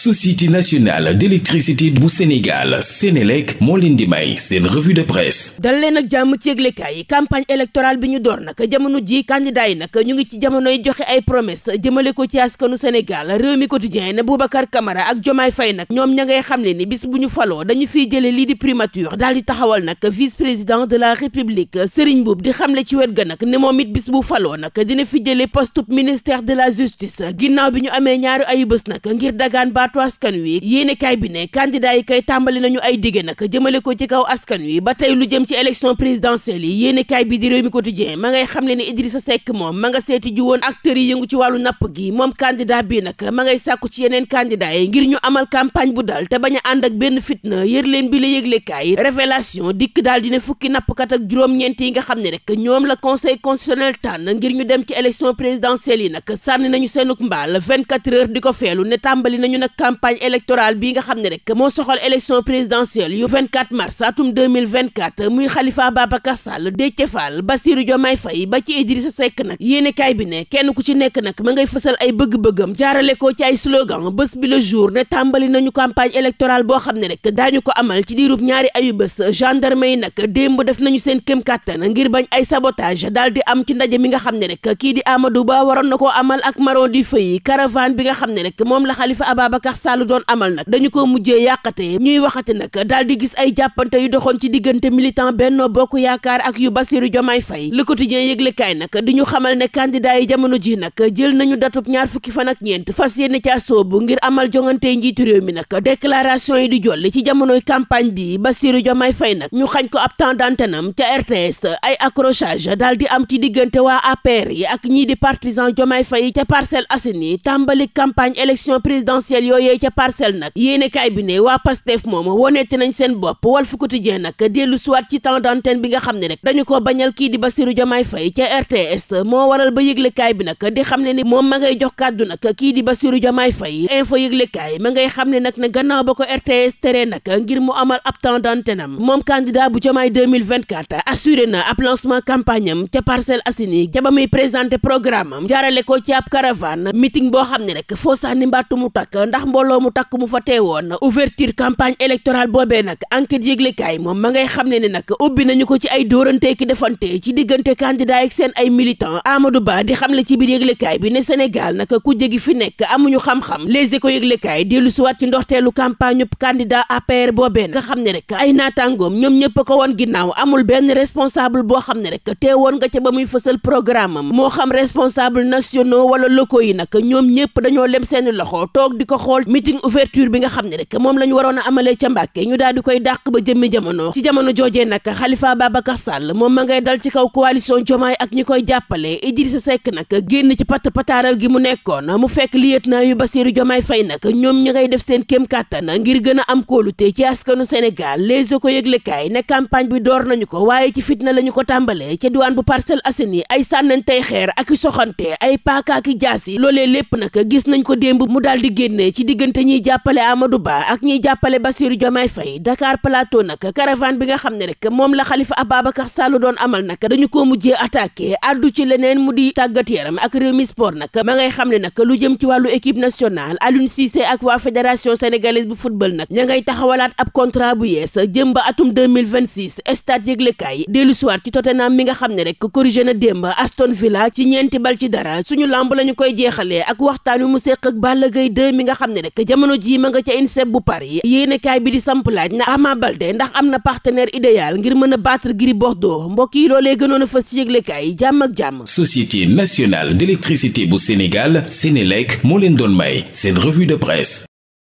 société nationale d'électricité bu Sénégal Sénélec moo leen di may seen revue de presse dal leen ak jàmm ci yëglekaay yi campagne électorale bi ñu door nag jamono ji candidat yi nag ñu ngi ci jamonoy joxe ay promesse jëmale ko ci askanu Sénégal réew mi quotidien ne Boubacar Camara ak Jomaay Fay nag ñoom ña ngay xam ne ni bis bu ñu faloo dañu fiy jële lii di primature daal di taxawal nag vice-président de la République Serigne Boub di xamle ci wet ga nag ne moom it bis bu faloo nag dina fi jële poste ministère de la justice ginnaaw bi ñu amee ñaari ayu bés nag ngir baatu askan wi yéenekaay bi ne candidat yi kay tàmbali nañu ay dige nag jëmale ko ci kaw askan wi ba tey lu jëm ci élection présidentielle yi yéenekaay bi di réew mi quotidien ma ngay xam le ne Idrissa Seck moom ma nga seeti ju woon acteurs yi yëngu ci wàllu napp gi moom candidat bi nag ma ngay sàkku ci yeneen candidat yi ngir ñu amal campagne bu dal te bañ a ànd ak benn fitna yër leen bi la yëglekaay révelation dikk daal ne fukki nappkat ak juróom-ñeent yi nga xam ne rek ñoom la conseil constitutionnel tànn ngir ñu dem ci élection présidentielle yi nag sànni nañu seenuk mbaal 24 heures di ko feelu ne tàmbali nañu nag campagne électorale bi nga xam ne rek moo soxal élection muy Khalifa Babacar Sall Déthié Fall Bassirou Diomaye Faye ba ci Idrissa nag yéenekaay bi ne kenn ku ci nekk nag ma ngay ay bëgg-bëggam jaarale ko ci ay slogan bés bi le ne tàmbali nañu campagne électorale boo xam ne rek daañu ko amal ci diirub ñaari ayu bés gendarme yi nag démb def di am ci Ba waroon na koo amal ak Maron du Feuille caravane bi nga xam ne rek moom la Khalifa Ababacar Dakar Sall doon amal nag dañu ko mujjee yàqate ñuy waxati nag daal di gis ay jàppante yu doxoon ci diggante militant Benno Bokk Yaakaar ak yu Bassirou Diomaye Faye Le Quotidien yëglekaay nag di ñu xamal ne candidat yi jamono ji nag jël nañu datub ñaar fukki fan ak ñeent fas yéene ca soobu ngir amal jongante njiitu réew mi nag déclaration yi di jolli ci jamonoy campagne bi Bassirou Diomaye Faye nag ñu xañ ko ab temps d'antenne am ca RTS ay accrochage daal di am ci diggante waa APR yi ak ñii di partisan Diomaye Faye ca Parcelles Assainies tàmbali campagne élection présidentielle yooyu yooyee ca parcelle nag yéenekaay bi ne waa Pastef moom woneete nañ seen bopp Walf Quotidien nag dellu siwaat ci temps d'antenne bi nga xam ne rek dañu ko bañal kii di Bassirou Diomaye Faye ca RTS moo waral ba yëglekaay bi nag di xam ne ni moom ma ngay jox kàddu nag kii di Bassirou Diomaye Faye info yëglekaay ma ngay xam ne nag ne gannaaw ba ko RTS tere nag ngir mu amal ab temps d'antenne am moom candidat bu Diomaye 2024 assuré na ab lancement campagne am ca Parcelles Assainies ca ba présenté programme am jaarale ko ci ab caravane boo xam ne rek foo sax ni mbàttu ndax mbooloo mu takk mu fa teewoon ouverture campagne électorale boobee nag enquête yëglekaay moom ma ngay xam ne ne nag ubbi nañu ko ci ay dóorante ki defante ci diggante candidat ak seen ay militant Amadou Ba di xam le ci biir yëglekaay bi ne Sénégal nag ku jegi fi nekk amuñu xam-xam les ko yëglekaay dellu siwaat ci ndox teelu campagne ub candidat APR boobee nga xam ne rek ay naataangoom ñoom ñëpp ko woon ginnaaw amul benn responsable boo xam ne rek teewoon nga ca ba muy fësal programme am moo xam responsable nationaux wala locaux yi nag ñoom ñëpp dañoo lem seen loxo lool meeting ouverture bi nga xam ne rek moom la waroon a amalee ca Mbàkke ñu daal koy dàq ba jëmmi jamono ci jamono joojee nag Khalifa Babacar Sall moom ma ngay dal ci kaw coalition Jomaay ak ñi koy jàppale Idrissa Seck nag génn ci pat pataaral gi mu nekkoon mu fekk lieutenant yu Bassirou Jomaay Fay nag ñoom ñu ngay def seen kéem kàttan ngir gën a am kóolute ci askanu Sénégal les ko yëglekaay ne campagne bi door nañu ko waaye ci fitna lañu ko tàmbalee ca diggante ñiy jàppale Amadou Ba ak ñiy jàppale Bassirou Diomaye Faye Dakar Plateau nag caravane bi nga xam ne rek moom la Khalifa Ababacar Sall doon amal nag dañu ko mujjee attaqué addu ci leneen mu di tàggat yaram ak Rewmi Sport nag ma ngay xam ne nag lu jëm ci wàllu équipe nationale Aliou Cissé ak waa fédération sénégalaise bu football nag ña ngay taxawalaat ab contrat bu yees jëm ba atum 2026 yëglekaay dellu soir ci Tottenham mi nga xam ne xam ne jamono jii ma nga ca INSEP bu Paris yéenekaay bi di samp laaj na Ama Baldé ndax am na partenaire idéal ngir mën a battre Gris Bordeaux mbokk yi loolee gënoon a fës ci yëglekaay jàmm ak jàmm. Société nationale d'électricité bu Sénégal Sénélec moo leen doon may seen revue de presse.